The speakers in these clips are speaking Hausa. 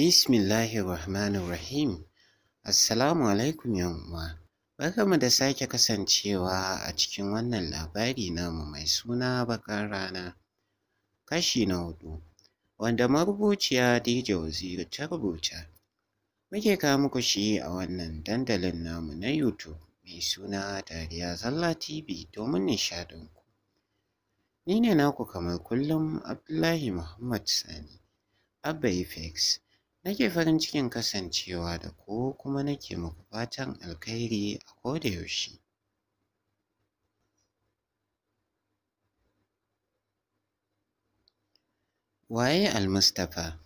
Bismillahirrahmanirrahim. Assalamu alaikum yamma. Barkanmu da sake kasancewa a cikin wannan labari namu mai suna bakar rana. Kashi na hudu, wanda marubuciya Dija Waziri ta rubuta. Muke kawo muku shi a wannan dandalin namu na YouTube mai suna Dariya Zalla TV domin nishadinku. Ni ne naku kamar kullum Abdullahi Muhammad Sani, Abba Effects. nake farin cikin kasancewa da ku kuma nake muku fatan alkhairi a yaushe. waye almustapha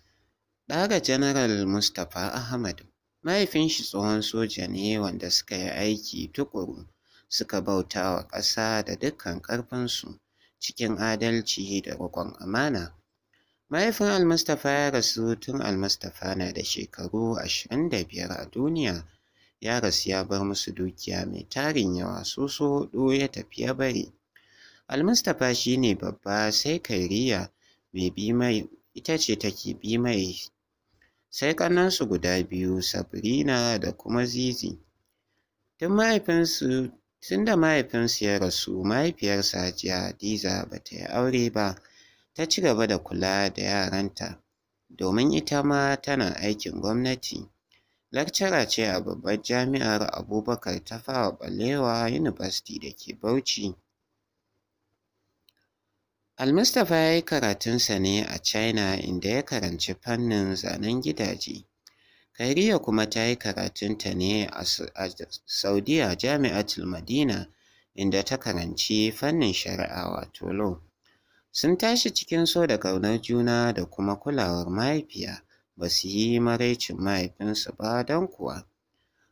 ɗa ga janaral mustapha ahmad mahaifin shi tsohon soja ne wanda suka yi aiki tuƙuru suka bauta wa ƙasa da dukkan ƙarfinsu cikin adalci da roƙon amana Mahaifin Almustapha ya rasu tun Almustapha na da shekaru 25 a duniya. Ya rasu ya bar musu dukiya mai tarin yawa soso huɗu ya tafi ya bari. Almustapha shi ne babba sai Kairiya mai bi mai ita ce take bi mai sai ƙannansu guda biyu Sabrina da kuma Zizi. Tun mahaifinsu tun da mahaifinsu ya rasu mahaifiyarsa Hajiya Hadiza ba ta yi aure ba. ta ci gaba da kula da yaranta domin ita ma tana aikin gwamnati. Lakcara ce a babbar jami'ar Abubakar ta fara Balewa University da ke Bauchi. Almustapha ya yi karatunsa ne a China inda ya karanci fannin zanen gidaje. kariya kuma ta yi karatunta ne a Saudiya Jami'atul Madina inda ta karanci fannin shari'a wato law. Sun tashi cikin so da ƙaunar juna da kuma kulawar mahaifiya, ba su yi maraicin mahaifinsu ba don kuwa.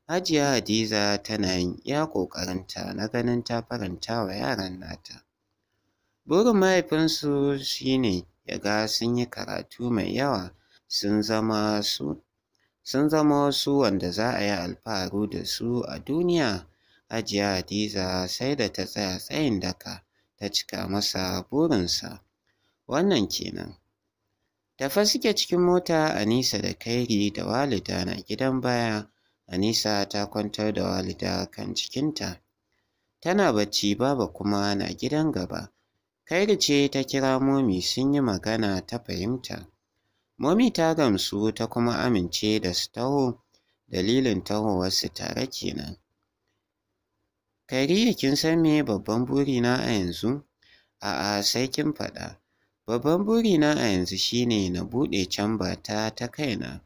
Hajiya Hadiza tana yin iya ƙoƙarinta na ganin ta faranta wa yaran nata. Burin mahaifinsu shi ne ya ga sun yi karatu mai yawa sun zama su sun zama wasu wanda za a yi alfaharu da su a duniya. Hajiya Hadiza sai da ta tsaya tsayin daka ta cika masa burinsa. Wannan kenan. Tafa suke cikin mota Anisa da Kairi da Walida na gidan baya. Anisa ta kwantar da Walida kan cikinta. Tana bacci baba kuma na gidan gaba. Kairi ce ta kira Momi sun yi magana ta fahimta. Momi ta gamsu ta kuma amince da su taho dalilin tahowarsu tare kenan. Kariya kin san me babban burina a yanzu? A'a sai kin faɗa. Babban burina a yanzu shine na buɗe camba ta ta kaina.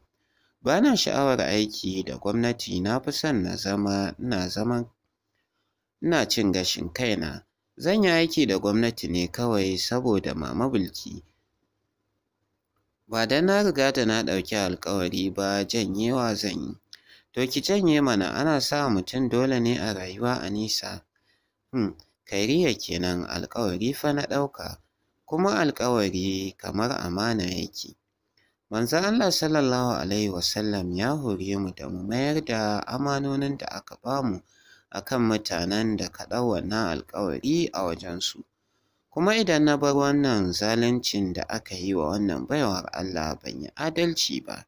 Ba na sha'awar aiki da gwamnati na fi son na zama ina zaman ina cin gashin kaina. Zan yi aiki da gwamnati ne kawai saboda mama bulki. Ba da na riga da na ɗauki alkawari ba janyewa zan yi. To ki janye mana ana sa mutum dole ne a rayuwa a nisa. Hmm, kairiya kenan alkawari fa na ɗauka, kuma alkawari kamar amana yake. manzan Allah sallallahu Alaihi wasallam ya hore mu da mu mayar da amanonin da aka bamu a kan mutanen da ka ɗau wannan alkawari a wajensu. Kuma idan na bar wannan zaluncin da aka yi wa wannan baiwar Allah ban yi adalci ba.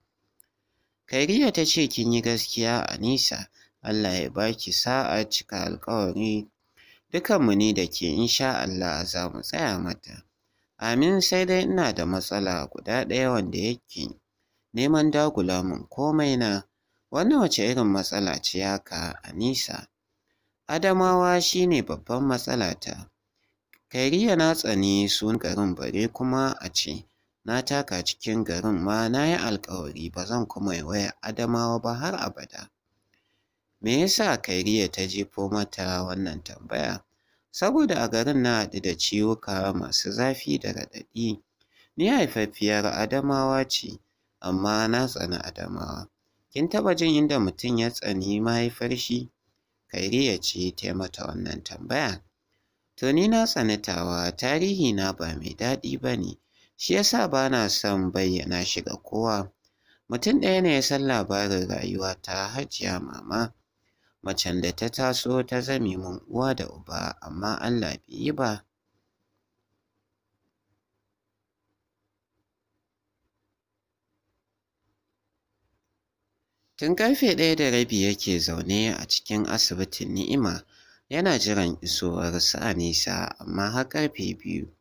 Kariya ta ce kin yi gaskiya Anisa, Allah ya baki sa'a cika alƙawari. Dukanmu ne da ke insha Allah za mu tsaya mata. Amin sai dai ina da matsala guda ɗaya wanda yake neman dagula mun komai na. Wani wace irin matsala ce haka Anisa? Adamawa shi ne babban matsalata. Kairiya na tsani sun garin bare kuma a ce na taka cikin garin ma na yi alkawari ba zan kuma waya Adamawa ba har abada. Me yasa Kairiya ta jefo mata wannan tambaya? Saboda a garin na haɗu da ciwuka masu zafi da raɗaɗi. Ni haifaffiyar Adamawa ce, amma na tsani Adamawa. Kin taɓa jin inda mutum ya tsani mahaifar shi? Kairiya ce ta yi mata wannan tambaya. To ni na tsanitawa tarihi na ba mai daɗi ba ne. Shi yasa ba na son bayyana shi ga kowa. Mutum ɗaya ne ya san labarin rayuwa ta Hajiya Mama, macen da ta taso ta zame mun uwa da uba amma Allah bai yi ba. Tun karfe ɗaya da rabi yake zaune a cikin asibitin Ni'ima yana jiran isowar nisa, amma har karfe biyu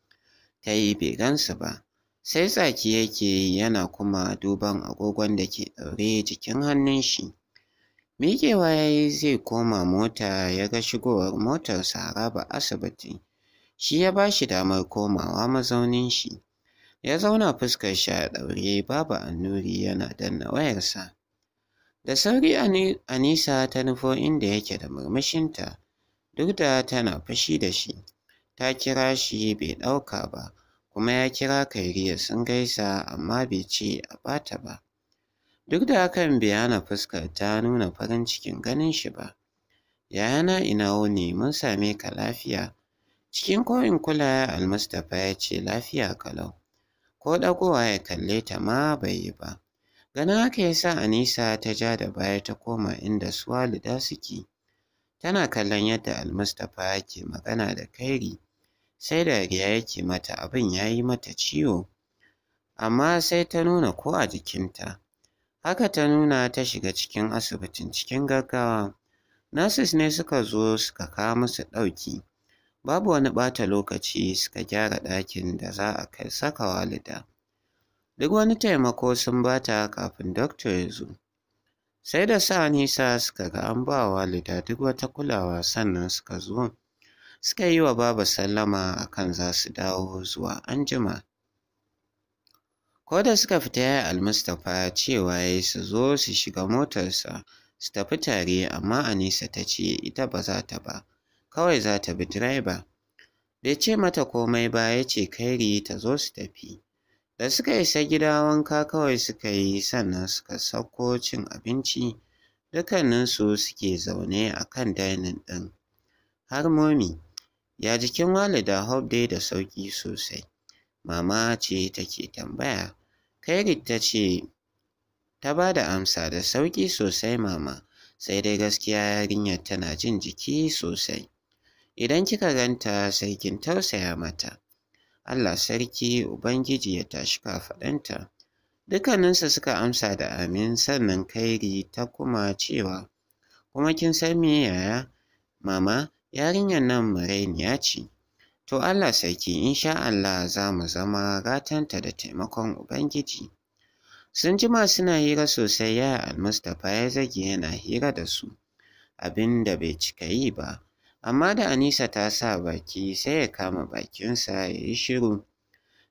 ta yi bai gansu ba. sai tsaki yake yana kuma duban agogon da ke ɗaure jikin hannun shi. Miƙewa ya yi zai koma mota ya ga shigowar motarsa haraba asibiti. Shi ya ba shi damar komawa mazaunin shi. Ya zauna fuskar shi a ɗaure babu annuri yana danna wayarsa. Da sauri a nisa ta nufo inda yake da murmushinta, duk da tana fushi da shi. Ta kira shi bai ɗauka ba. kuma ya kira Kairiya sun gaisa amma bai ce a bata ba. Duk da hakan bai hana fuskar ta nuna farin cikin ganin shi ba. Yayana ina wuni mun same ka lafiya. Cikin koyin kula Almustapha ya ce lafiya kalau. Ko ɗagowa ya kalle ta ma bai yi ba. Ganin haka ya sa Anisa ta ja da baya ta koma inda su Walida suke. Tana kallon yadda Almustapha ke magana da Kairi. sai dariya yake mata abin ya yi mata ciwo amma sai ta nuna ko a jikinta haka ta nuna ta shiga cikin asibitin cikin gaggawa Nasis ne suka zo suka kawo musu ɗauki babu wani bata lokaci suka gyara ɗakin da za a kai saka walida duk wani taimako sun bata kafin doctor ya zo sai da sa nisa suka ga an ba walida duk wata kulawa sannan suka zo suka yi wa baba sallama akan za su dawo zuwa anjima. Ko da suka fita ya almustapha cewa ya su zo su shiga motarsa su tafi tare amma Anisa ta ce ita ba za ta ba, kawai za ta bi direba. Bai ce mata komai ba ya ce kairi ta zo su tafi. Da suka isa gida wanka kawai suka yi sannan suka sauko cin abinci dukkaninsu suke zaune a kan dainin ɗin. Har momi Ya jikin Walida Hope dai da sauƙi sosai. Mama ce take tambaya. Kairit ta ce ta ba da amsa da sauƙi sosai mama, sai dai gaskiya yarinya tana jin jiki sosai. Idan kika ganta sai kin tausaya mata. Allah sarki Ubangiji ya tashi kafaɗanta. Dukkaninsu suka amsa da amin sannan kairi ta kuma cewa, Kuma kin san me yaya? Mama, yarinyar nan ya ce. To Allah sarki sha Allah za mu zama gatanta da taimakon Ubangiji. Sun jima suna hira sosai ya almustapha ya zage yana hira da su, abin da bai cika yi ba, amma da Anisa ta sa baki sai ya kama bakinsa ya yi shiru.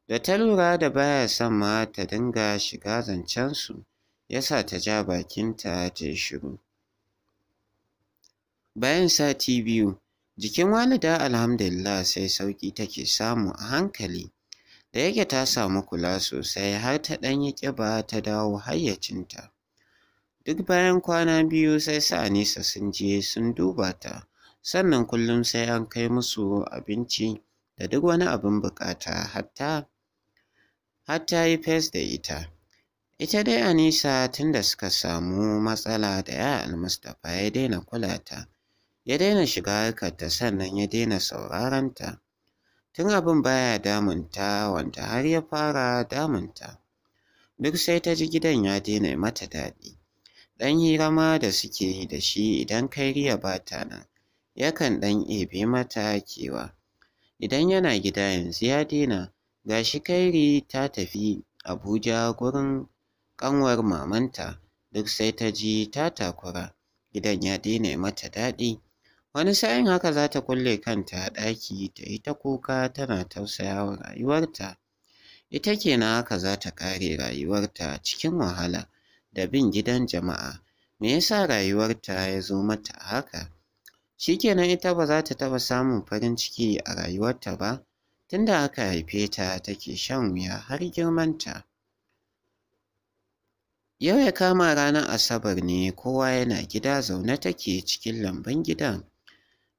Da ta lura da baya son ma ta dinga shiga zancensu, ya sa ta ja bakinta ta yi shiru. Bayan sati biyu, Jikin walida alhamdulillah sai sauki take samu a hankali, da yake ta samu kula sosai har ta ɗan yi ƙiba ta dawo hayyacinta. Duk bayan kwana biyu sai Sa'anisa sun je sun duba ta, sannan kullum sai an kai musu abinci da duk wani abin buƙata hatta hatta yi fes da ita. Ita dai Anisa tun da suka samu matsala da ya Almustapha ya daina kula ta. ya daina shiga harkarta sannan ya daina sauraranta Tun abin baya damunta wanda har ya fara damunta. Duk sai ta ji gidan ya daina mata daɗi. Ɗan hira ma da suke yi da shi idan kairiya ba ta nan, yakan ɗan ebe mata kewa. Idan yana gida yanzu ya daina, ga shi kairi ta tafi Abuja gurin ƙanwar mamanta, duk sai ta ji ta takura. gidan ya daina mata daɗi Wani sa'in haka za ta kulle kanta a ɗaki ta yi ta kuka tana tausaya wa rayuwarta. Ita kenan haka za ta kare rayuwarta cikin wahala da bin gidan jama'a. Me yasa rayuwarta ya zo mata haka? Shi kenan ita ba za ta taɓa samun farin ciki a rayuwarta ba, tunda aka haife ta take shan wuya har girmanta. Yau ya kama ranar Asabar ne kowa yana gida zaune take cikin lambun gidan.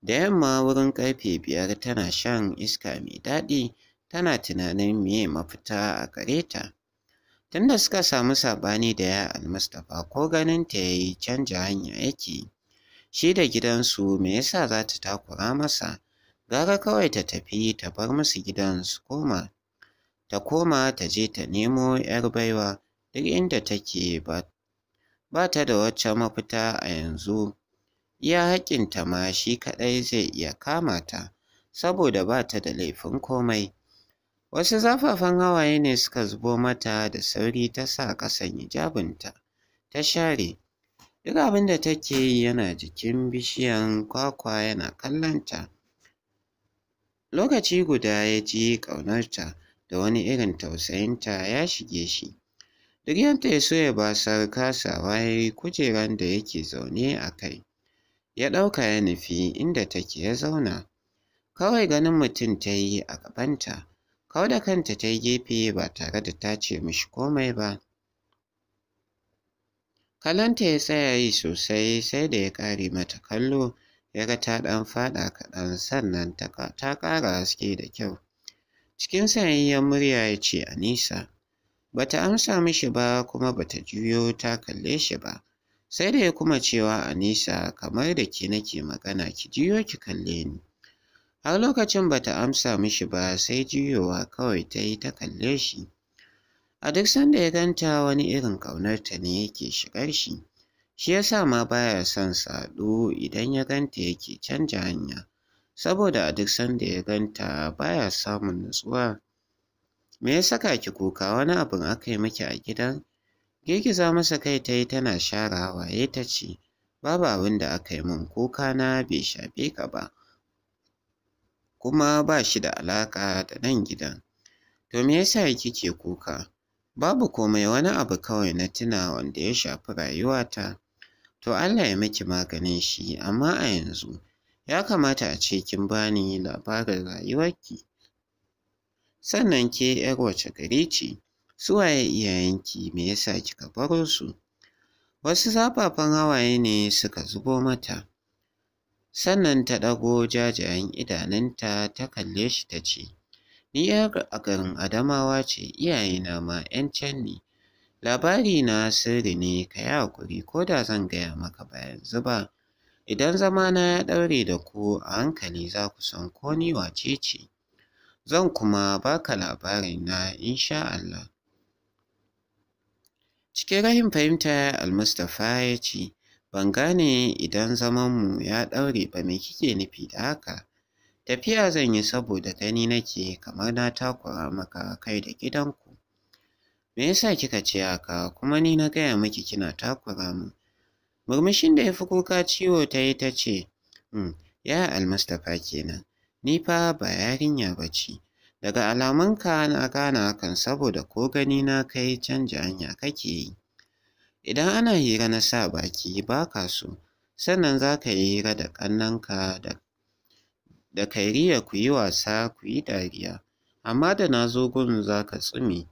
Da yamma wurin karfe biyar tana shan iska mai daɗi tana tunanin meye mafita a gare ta. Tunda suka samu saɓani da ya almustapha ko ganin ta yayi canja hanya yake. Shi da gidansu me yasa za ta takura masa? Gara kawai ta tafi ta bar musu gidan su koma. Ta koma ta je ta nemo 'yar baiwa duk inda take ba ba ta da wacce mafita a yanzu iya haƙƙinta ma shi kaɗai zai iya kama ta saboda ba ta da laifin komai. Wasu zafafan hawaye ne suka zubo mata da sauri ta sa ƙasan hijabinta ta share. Duk abin da take yi yana jikin bishiyan kwakwa yana kallonta. Lokaci guda ya ji ƙaunarta da wani irin tausayinta ya shige shi. Duk yadda ya so ya basar kasawa ya yi kujeran da yake zaune a kai. ya ɗauka ya nufi inda take ya zauna. Kawai ganin mutum ta yi a gabanta, kau da kanta ta yi gefe ba tare da ta ce mishi komai ba. Kalanta ya tsaya yi sosai sai da ya ƙare mata kallo ya ga ta ɗan faɗa kaɗan sannan ta ƙara haske da kyau. Cikin sanyayyen murya ya ce Anisa, bata amsa mishi ba kuma bata juyo ta kalle shi ba. sai da ya kuma cewa Anisa kamar da ke nake magana ki jiyo ki kalle ni. Har lokacin bata amsa mishi ba sai jiyowa kawai ta yi ta kalle shi. A duk sanda ya ganta wani irin ƙaunarta ne yake shigar shi, shi ya sa ma baya son saɗu idan ya ganta yake canja hanya, saboda a duk sanda ya ganta baya samun nutsuwa. Me ya saka ki kuka wani abin aka yi miki a gidan? Girgiza masa kai ta yi tana share hawaye ta ce, Babu abin da aka yi min kuka na bai shafe ka ba, kuma ba shi da alaƙa da nan gidan. To me yasa kike kuka? Babu komai wani abu kawai na tuna wanda ya shafi rayuwata. To Allah ya miki maganin shi, amma a yanzu ya kamata a ce kin bani labarin rayuwarki. Sannan ke ‘yar wace gari ce? su waye iyayenki me yasa kika baro su wasu zafafan hawaye ne suka zubo mata sannan ta ɗago jajayen idanunta ta kalle shi ta ce ni yar a garin adamawa ce iyayena ma 'yan can ne labari na sirri ne ka yi hakuri ko da zan gaya maka bayan yanzu ba idan zamana ya ɗaure da ku a hankali za ku san ko ni wace ce zan kuma baka labarin na insha Allah Cike rahim fahimta Almustapha ya ce, Ban gane idan zamanmu ya ɗaure ba me kike nufi da haka? Tafiya zan yi saboda gani nake kamar na takura maka kai da gidanku. Me yasa kika ce haka kuma ni na gaya miki kina takura mu? Murmushin da ya fi kuka ciwo ta yi ta ce, hmm, ya Almustapha kenan, ni fa ba yarinya ba ce, Daga alamunka na gana hakan saboda ko gani na kai canja hanya kake yi. Idan ana hira na sa baki ba ka so, sannan za ka yi hira da ƙannanka da da kairiya ku yi wasa ku yi dariya, amma da na zo gun za ka tsumi,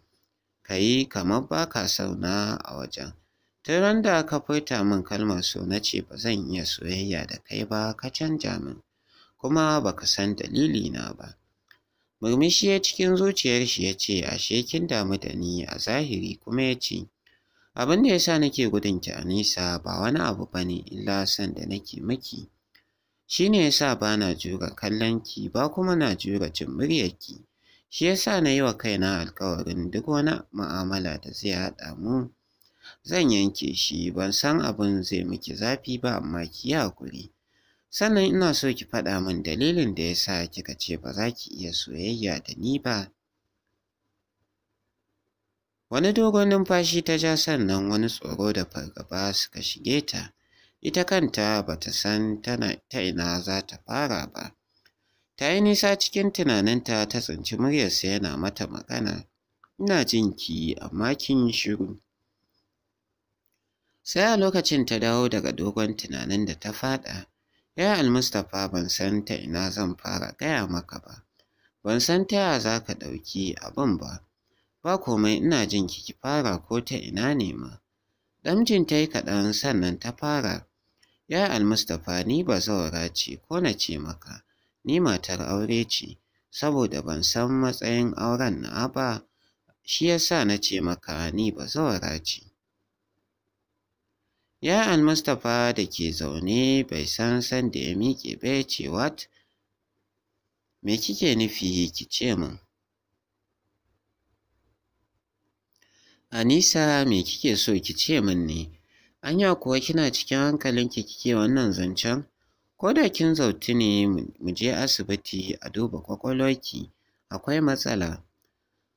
ka yi kamar ba ka sauna a wajen. Tun da ka furta min kalmar so na ce ba zan iya soyayya da kai ba ka canja min, kuma ba ka san na ba. Murmushi ya cikin zuciyar shi ya ce ashe kin damu da ni a zahiri kuma ya ce abin da ya sa nake gudun ki a nisa ba wani abu ba ne illa san da nake miki. Shi ne ya sa ba na jura kallon ki ba kuma na jura jin muryarki. Shi ya sa na yi wa kaina alkawarin duk wani mu'amala da zai haɗa mu. Zan yanke shi ban san abin zai miki zafi ba amma ki yi haƙuri. sannan ina so ki faɗa min dalilin da ya sa kika ce ba za ki iya soyayya da ni ba wani dogon numfashi ta ja sannan wani tsoro da fargaba suka shige ta ita kanta ba ta san ta ina za ta fara ba ta yi nisa cikin tunaninta ta tsinci muryarsa yana mata magana ina jin ki amma kin shiru sai a lokacin ta dawo daga dogon tunanin da ta faɗa Ya Almustapha ban san ta ina zan fara gaya maka ba, ban san ta ya za ka ɗauki abin ba, ba komai ina jin kiki fara ko ta ina ne ma. Ɗamjin ta yi kaɗan sannan ta fara. Ya Almustapha ni ba zaura ce ko na ce maka, ni matar aure ce, saboda ban san matsayin auren na ba, shi yasa na ce maka ni ba zaura ce. ya mustapha da ke zaune bai san san da ya miƙe ba ya ce wat me kike nufi ki ce min anisa me kike so ki ce min ne anya kuwa kina cikin hankalinki kike wannan zancen ko da kin zauti ne mu je asibiti a duba kwakwalwarki akwai matsala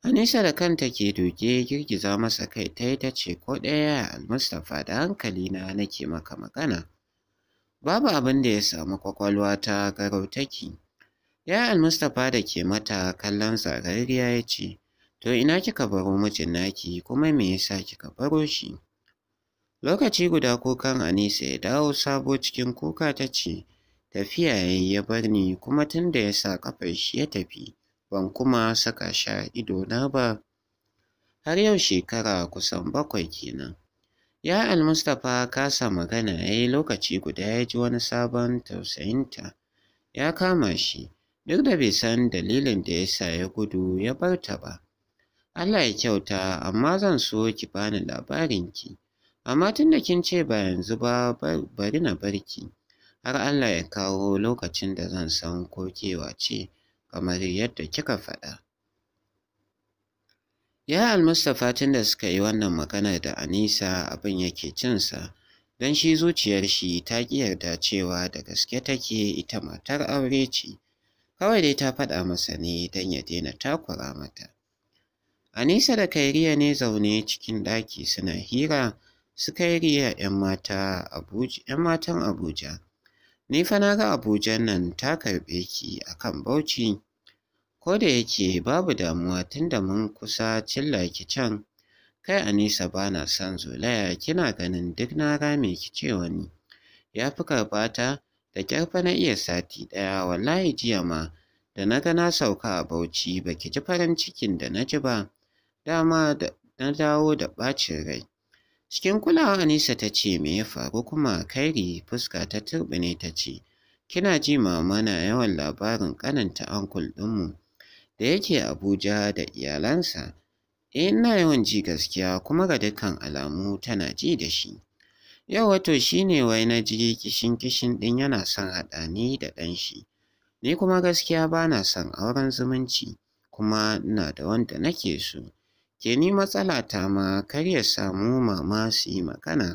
Anisa da kanta ke doke girgiza masa kai ta yi ta ce ko ɗaya Almustapha da hankali na nake maka magana. Babu abin da ya samu kwakwalwa ta garautaki. Ya Almustapha da ke mata kallon zarariya ya ce, To ina kika baro mijin naki kuma me yasa kika baro shi? Lokaci guda kukan Anisa ya dawo sabo cikin kuka ta ce, Tafiya ya bar ni kuma tun da ya sa kafar shi ya tafi. ban kuma saka shi a idona ba har yau shekara kusan bakwai kenan. Ya Mustapha kasa magana ya yi lokaci guda ya ji wani sabon tausayinta ya kama shi duk da bai san dalilin da ya sa ya gudu ya bar ta ba. Allah ya kyauta amma zan so ki bani labarin ki. amma tun da kin ce ba yanzu ba bari na barki har Allah ya kawo lokacin da zan san ko kewa ce kamar yadda kika faɗa. Ya almustapha tun da suka yi wannan maganar da Anisa abin yake cinsa, don shi zuciyar shi ta ƙi yarda cewa da gaske take ita matar aure ce, kawai dai ta faɗa masa ne don ya daina takura mata. Anisa da Kairiya ne zaune cikin ɗaki suna hira su Kairiya 'yan matan Abuja. Ni fa na ga Abujan nan ta karɓe ki a kan Bauchi. Ko da yake babu damuwa tunda mun kusa cilla ki can, kai Anisa ba na san zolaya kina ganin duk na rame ki ce wani. Ya fi karɓa ta da ƙyarfa na iya sati ɗaya wallahi jiya ma da na ga na sauka a Bauchi baki ji farin cikin da na ji ba. Dama da na dawo da ɓacin rai. Cikin kulawa Anisa ta ce me ya faru kuma Kairi fuska ta turbine ta ce, Kina ji mama na yawan labarin kananta ankul ɗinmu da yake Abuja da iyalansa. Eh ina yawan ji gaskiya kuma ga dukkan alamu tana ji da shi. Yau wato shine wai na ji kishin kishin din yana son haɗa ni da ɗan shi. Ni kuma gaskiya bana son auren zumunci kuma ina da wanda nake so. ke ni matsala ta ma kar ya samu mama su yi magana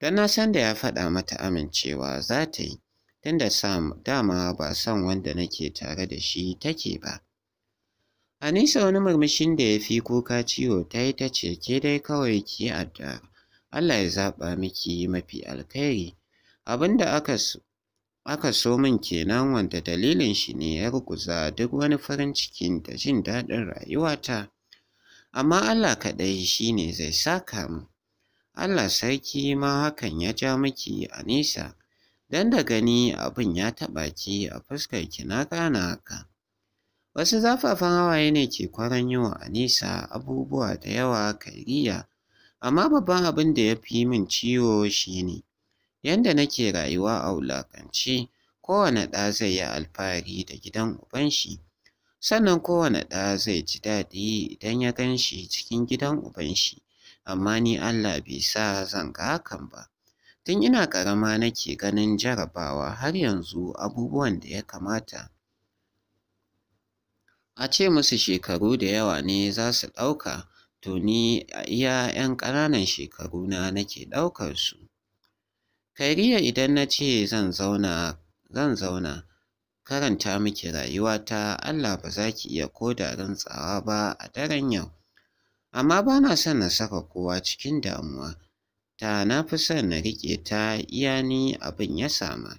don na san da ya faɗa mata amincewa za ta yi tun da sam dama ba son wanda nake tare da shi take ba A nisa wani murmushin da ya fi kuka ciwo ta yi ta ce ke dai kawai ki adda allah ya zaɓa miki mafi alkhairi abin da aka aka so min kenan wanda dalilin shi ne ya ruguza duk wani farin cikin da jin daɗin rayuwata amma Allah kaɗai shi ne zai saka mu. Allah sarki ma hakan ya ja miki a nesa, don da gani abin ya taɓa ki a fuskar ki na gana haka. Wasu zafafan hawaye ne ke kwaranyo a nesa abubuwa da yawa kariya, amma babban abin da ya fi min ciwo shi ne, yadda nake rayuwa a wulakanci kowane ɗa zai yi alfahari da gidan ubanshi. sannan kowane ɗa zai ji daɗi idan ya gan shi cikin gidan uban shi, amma ni Allah bai sa zan ga hakan ba tun ina ƙarama nake ganin jarabawa har yanzu abubuwan da ya kamata a ce musu shekaru da yawa ne za su ɗauka to ni a iya 'yan ƙananan shekaru na nake ɗaukar su kairiya idan na ce zan zauna karanta miki rayuwata Allah ba za ki iya koda rantsawa ba a daren yau. Amma ba na son na saka kowa cikin damuwa, ta na fi son na riƙe ta iya ni abin ya sama.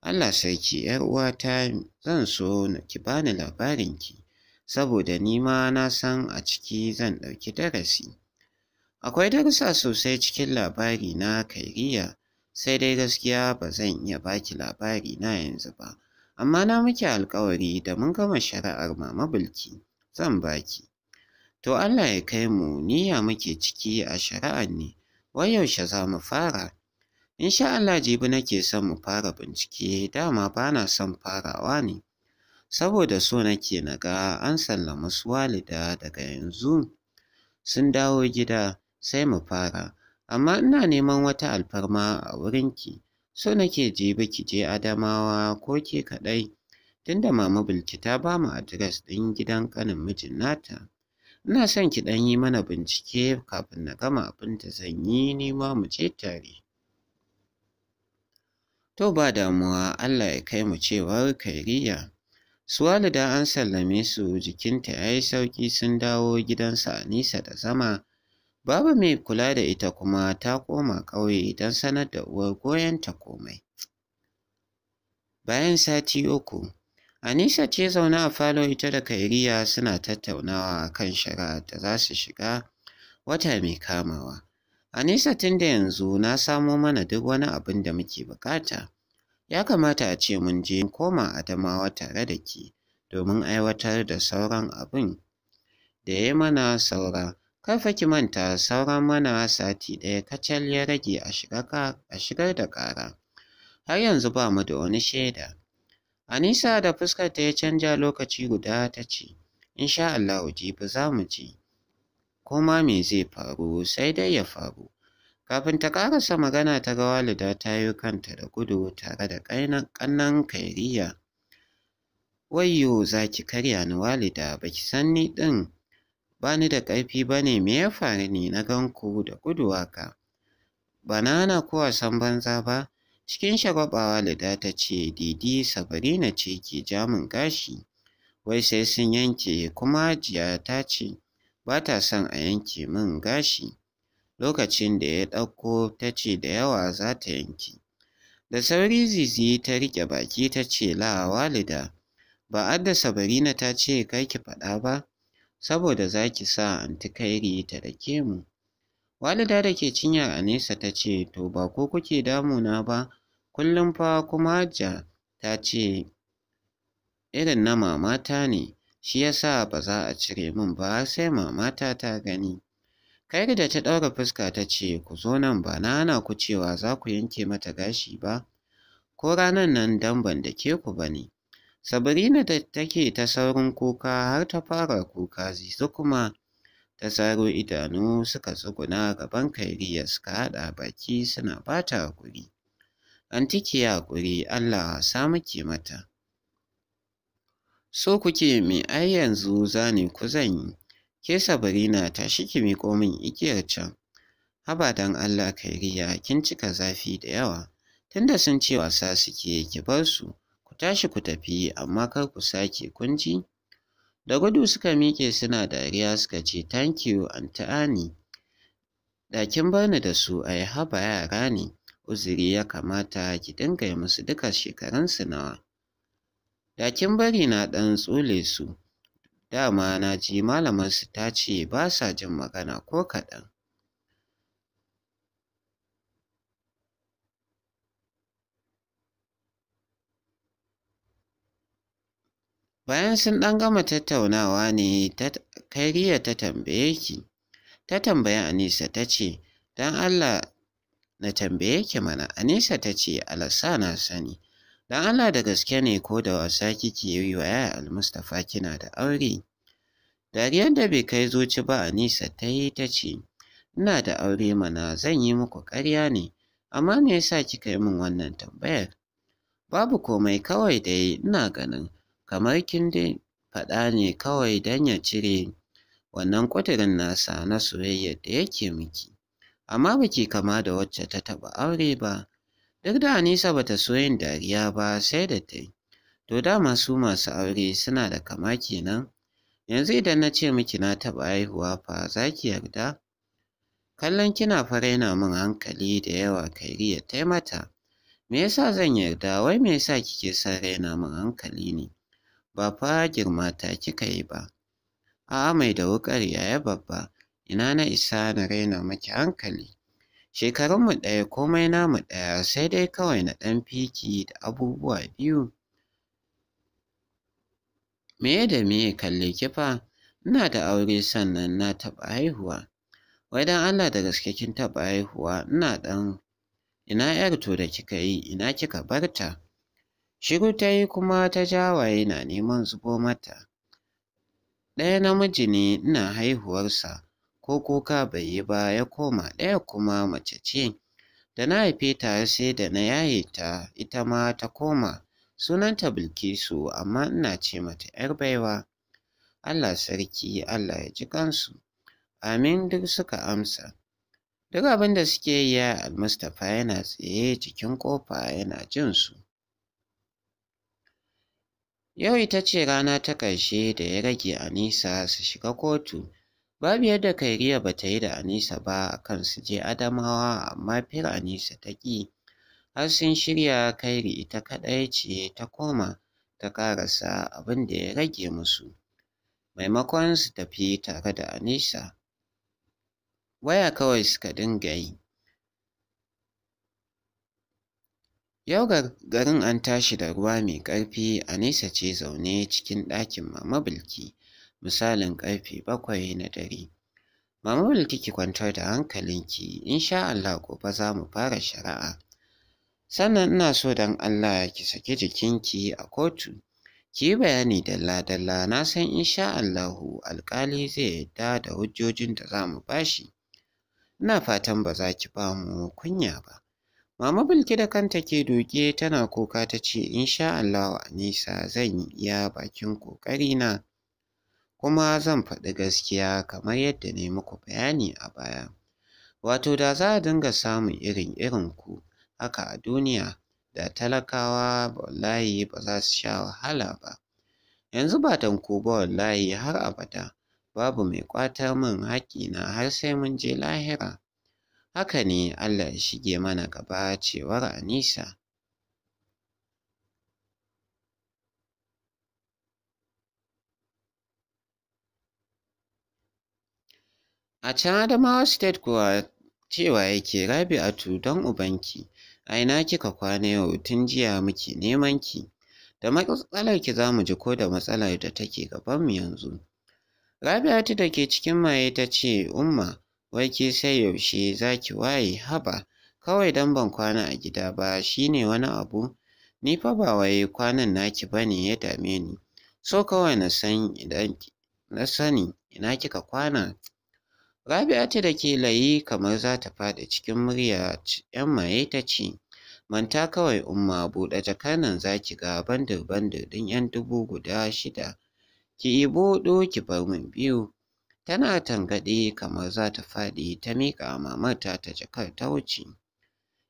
Allah sarki ‘yar uwata zan so ki bani labarinki, saboda ni ma na san a ciki zan ɗauki darasi. Akwai darasa sosai cikin labari na kairiya, sai dai gaskiya ba zan iya baki labari na yanzu ba. amma na muke alkawari da mun gama shari'ar mama zan baki. To Allah ya kai mu niyya muke ciki a shari'ar ne, wai yaushe za mu fara? sha Allah jibi nake son mu fara bincike dama ba na son farawa ne, saboda so nake na ga an sallami su walida daga yanzu sun dawo gida sai mu fara, amma ina neman wata alfarma a wurinki. so nake jibi ki je Adamawa ko ke kaɗai tunda mama Bilki ta ba mu adres ɗin gidan ƙanin mijin nata. Ina son ki ɗan yi mana bincike kafin na gama abin da zan yi ni ma mu je tare. To ba damuwa Allah ya kai mu cewar kairiya. Su walida an sallame su jikinta ya yi sauƙi sun dawo gidansa a nisa da zama Babu mai kula da ita kuma ta koma ƙauye don sanar da uwar goyon ta komai. Bayan sati uku, Anisa ce zaune a falo ita da Kairiya suna tattaunawa a kan shara da za su shiga wata mai kamawa. Anisa tun da yanzu na samo mana duk wani abin da muke bukata. Ya kamata a ce mun je koma Adamawa tare da ke domin aiwatar da sauran abin da ya mana saura. Karfe ki manta sauran mana sati ɗaya kacal ya rage a shigar da ƙara. Har yanzu ba mu da wani shaida. Anisa da fuskar ta ya canja lokaci guda ta ce, Insha Allahu ba za mu ji. ma me zai faru sai dai ya faru. Kafin ta ƙarasa magana ta ga walida ta yi kanta da gudu tare da ƙannan kairiya. Wayyo za ki karya ni walida ba ki san ni ɗin ba ni da ƙarfi ba ne me ya faru ne na ganku da gudu Banana ko wasan banza ba, cikin shagwabawa Lida ta ce Didi Sabarina ce ke jamun gashi, wai sai sun yanke kuma jiya ta ce ba ta son a yanke min gashi. Lokacin da ya ɗauko ta ce da yawa za ta yanke. Da sauri zizi ta riƙe baki ta ce la walida, ba adda Sabarina ta ce kai ki faɗa ba. saboda za ki sa anti kairi ta dake mu. Walida da ke cinya a nesa ta ce, To ba ko kuke na ba, kullum fa kuma ja ta ce, Irin na mamata ne, shi yasa ba za a cire min ba sai mamata ta gani. Kairi da ta ɗaura fuska ta ce, Ku zo nan ba na hana ku cewa za ku yanke mata gashi ba, ko ranan nan dan ban da ke ku ba ne. Sabrina da take ta saurin kuka har ta fara kuka zisu kuma ta saro idanu suka tsuguna gaban kairiya suka haɗa baki suna bata guri. hakuri. Anti ki hakuri Allah sa muke mata. So kuke me ai yanzu zane ku zan yi. Ke Sabrina ta ki miko min igiyar can. Haba dan Allah kairiya kin cika zafi da yawa. Tunda sun ce wasa suke ki bar su. tashi ku tafi amma kar ku sake kunci da gudu suka miƙe suna dariya suka ce thank you anti ani da kin da su ai haba yara ne uzuri ya kamata ki dinga yi musu duka shekarunsu nawa da bari na ɗan tsule su dama na ji su ta ce ba sa jin magana ko kaɗan Bayan sun ɗan gama tattaunawa ne Kariya ta tambaye ki, ta tambayi Anisa ta ce, don Allah na tambaye ki mana, Anisa ta ce, Alasa na sani, don Allah da gaske ne ko da wasa kike yi wa yaya almustafa kina da aure. Dariyar da bai kai zoci ba Anisa ta yi ta ce, Ina da aure mana zan yi muku karya ne, amma me yasa kika yi min wannan tambayar? Babu komai kawai yi ina ganin kamar kin dai faɗa ne kawai don ya cire wannan ƙudurin nasa na soyayyar da yake miki amma baki kama da wacce ta taɓa aure ba duk da Anisa bata so yin dariya ba sai da ta yi to dama su masu aure suna da kama kenan yanzu idan na ce miki na taɓa haihuwa fa za ki yarda kallon kina fara yana min hankali da yawa kairiya tai mata me yasa zan yarda wai me yasa kike son raina min hankali ne ba fa girma ta kika yi ba. A'a mai da wukar yaya babba, ina na isa na raina maki hankali. Shekarunmu ɗaya komai namu ɗaya sai dai kawai na ɗan fiki da abubuwa biyu. Me da me kalle kifa, ina da aure sannan na taɓa haihuwa. Wai dan Allah da gaske kin taɓa haihuwa ina ɗan ina 'yar to da kika yi ina kika barta. Shiru ta yi kuma ta jawaye waye na neman zubo mata. Ɗaya namiji ne ina haihuwarsa ko kuka bai yi ba ya koma ɗaya kuma mace ce. Da na haife ta sai da na yaye ta ita ma ta koma sunanta Bilkisu amma ina ce mata ‘yar baiwa. Allah sarki Allah ya ji kansu. Amin duk suka amsa. Duk abin da suke yi ya Almustapha yana tsaye cikin ƙofa yana jin su. Yau ita ce rana ta ƙarshe da ya rage Anisa su shiga kotu. Babu yadda Kairiya ba ta yi da Anisa ba a kan su je Adamawa amma fir Anisa ta ƙi. Har sun shirya Kairi ita kaɗai ce ta koma ta ƙarasa abin da ya rage musu. Maimakon su tafi tare da Anisa. Waya kawai suka dinga yi. Yau garin an tashi da ruwa mai ƙarfi a nesa ce zaune cikin ɗakin Mama Bilki misalin ƙarfe bakwai na dare. Mama ki kwantar da hankalinki insha Allah gobe za mu fara shari'a. Sannan ina so don Allah ki saki jikinki a kotu. Ki yi bayani dalla-dalla na san insha Allahu alƙali zai yarda da hujjojin da za mu bashi. Ina fatan ba za ki ba mu kunya ba. Mama Bilki da kanta ke doke tana kuka ta ce insha Allah Anisa zan yi iya bakin na. kuma zan faɗi gaskiya kamar yadda na muku bayani a baya. Wato da za a dinga samun irin irin ku haka a duniya da talakawa wallahi ba za su sha wahala ba. Yanzu ba tanko ba wallahi har abada babu mai ƙwata min haƙƙina har sai mun je lahira. Haka ne Allah ya shige mana gaba cewar Anisa. A can Adamawa State kuwa cewa yake Rabi'atu don ubanki, a ina kika kwana yau tun jiya muke neman ki. Da matsalar ki za mu ji ko da matsalar da take mu yanzu. Rabi'atu da ke cikin maye ta ce, Umma, wai ke sai yaushe za ki waye haba kawai dan ban kwana a gida ba shi ne wani abu ni fa ba wai kwanan naki ba ne ya dame ni so kawai na san idan na sani ina kika kwana Rabi'a ta da ke layi kamar za ta faɗi cikin murya ‘yan maye ta ce, Manta kawai umma buɗe jakanan za ki ga bandir-bandir ɗin ‘yan dubu guda shida, ki ibo ɗo ki bar min biyu. Tana tangaɗe kamar za ta faɗi ta miƙa mamarta ta jakar ta wuce.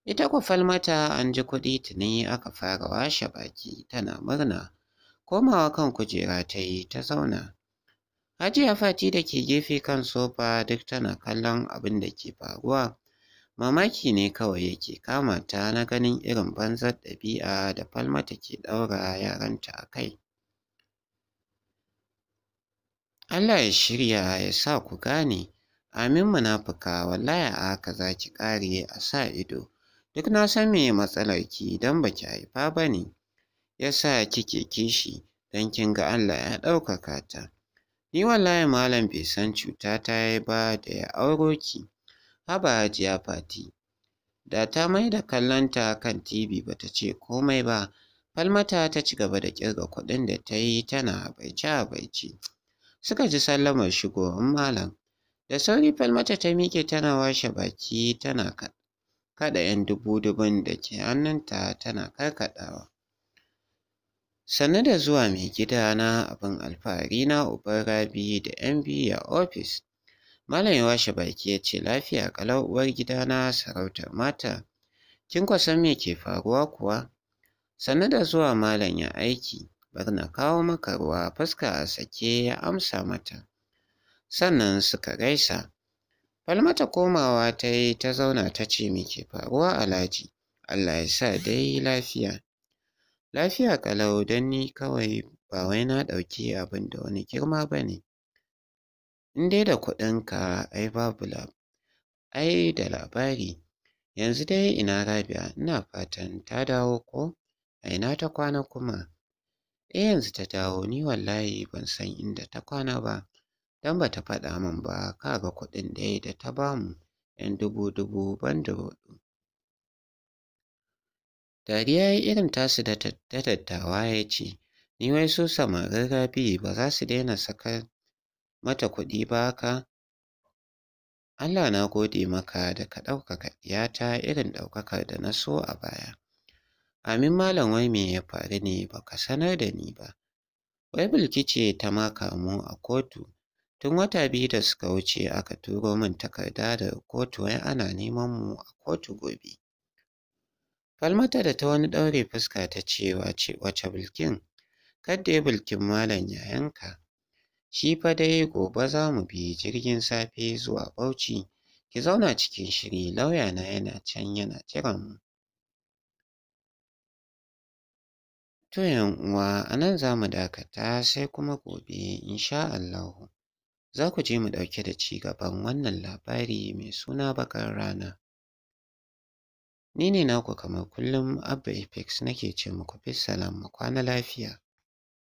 Ita ku falmata an ji kuɗi tuni aka fara washe baki tana murna. Komawa kan kujera ta yi ta zauna. Hajiya Fati da ke gefe kan sofa duk tana kallon abin da ke faruwa. Mamaki ne kawai yake kama ta na ganin irin banzar ɗabi'a da falmata ke ɗaura yaranta a kai. Allah ya shirya ya sa ku gane. Amin munafuka wallahi a haka za ki ƙare a sa ido. Duk na san me matsalar ki don ba ki haifa ba ne. Ya sa kike kishi don kin ga Allah ya ɗaukaka ta. Ni wallahi malam bai san cuta ta yi ba da ya auro ki. Haba Hajiya Fati. Da ta mai da kallonta kan TV ba ta ce komai ba. Falmata ta ci gaba da ƙirga kuɗin da ta yi tana abaice-abaice. suka ji sallamar shigowar malam. Da sauri falmata ta miƙe tana washe baki tana kada ‘yan dubu-dubun da ke hannunta tana karkaɗawa. Sannu da zuwa mai gida na abin alfahari na uban rabi da ‘yan biyu a ofis. Malam ya washe baki ya ce lafiya ƙalau uwar gidana sarautar mata. Kin kwasan me ke faruwa kuwa? Sannu da zuwa malam ya aiki. bari na kawo maka ruwa fuska a sake ya amsa mata sannan suka gaisa falmata komawa ta yi ta zauna ta ce me ke faruwa alhaji allah ya sa dai lafiya lafiya kalau don ni kawai ba wai na ɗauki abin da wani girma ba ne in dai da kuɗinka ai babu ai da labari yanzu dai ina rabia ina fatan ta dawo ko a ina ta kwana kuma ɗaya eh, yanzu ta dawo ni wallahi ban san inda ta kwana ba dan ba ta faɗa min ba ka ga kuɗin da da ta bamu yan dubu dubu ban da hudu dariya ya irin tasu da dattawa ya ce ni wai su samarin rabi ba za su daina sakar mata kuɗi ba haka Allah na gode maka da ka ɗaukaka ɗiyata irin ɗaukakar da na so a baya. Amin malam wai me ya faru ne baka sanar da ni ba. Wai bilkice ta maka mu a kotu. Tun wata biyu da suka wuce aka turo min takarda da kotu wai ana neman mu a kotu gobe. Falmata da ta wani ɗaure fuska ta ce wace wace Bilkin. Kadda ya Bilkin malam yayanka. Shi fa dai gobe za mu bi jirgin safe zuwa Bauchi. Ki zauna cikin shiri lauya na yana can yana jiran mu. To uwa a nan za mu dakata sai kuma gobe insha Allahu. Za ku je mu ɗauke da ci gaban wannan labari mai suna baƙar rana. Ni ne naku kamar kullum Abba Apex nake ce muku fi salam mu kwana lafiya.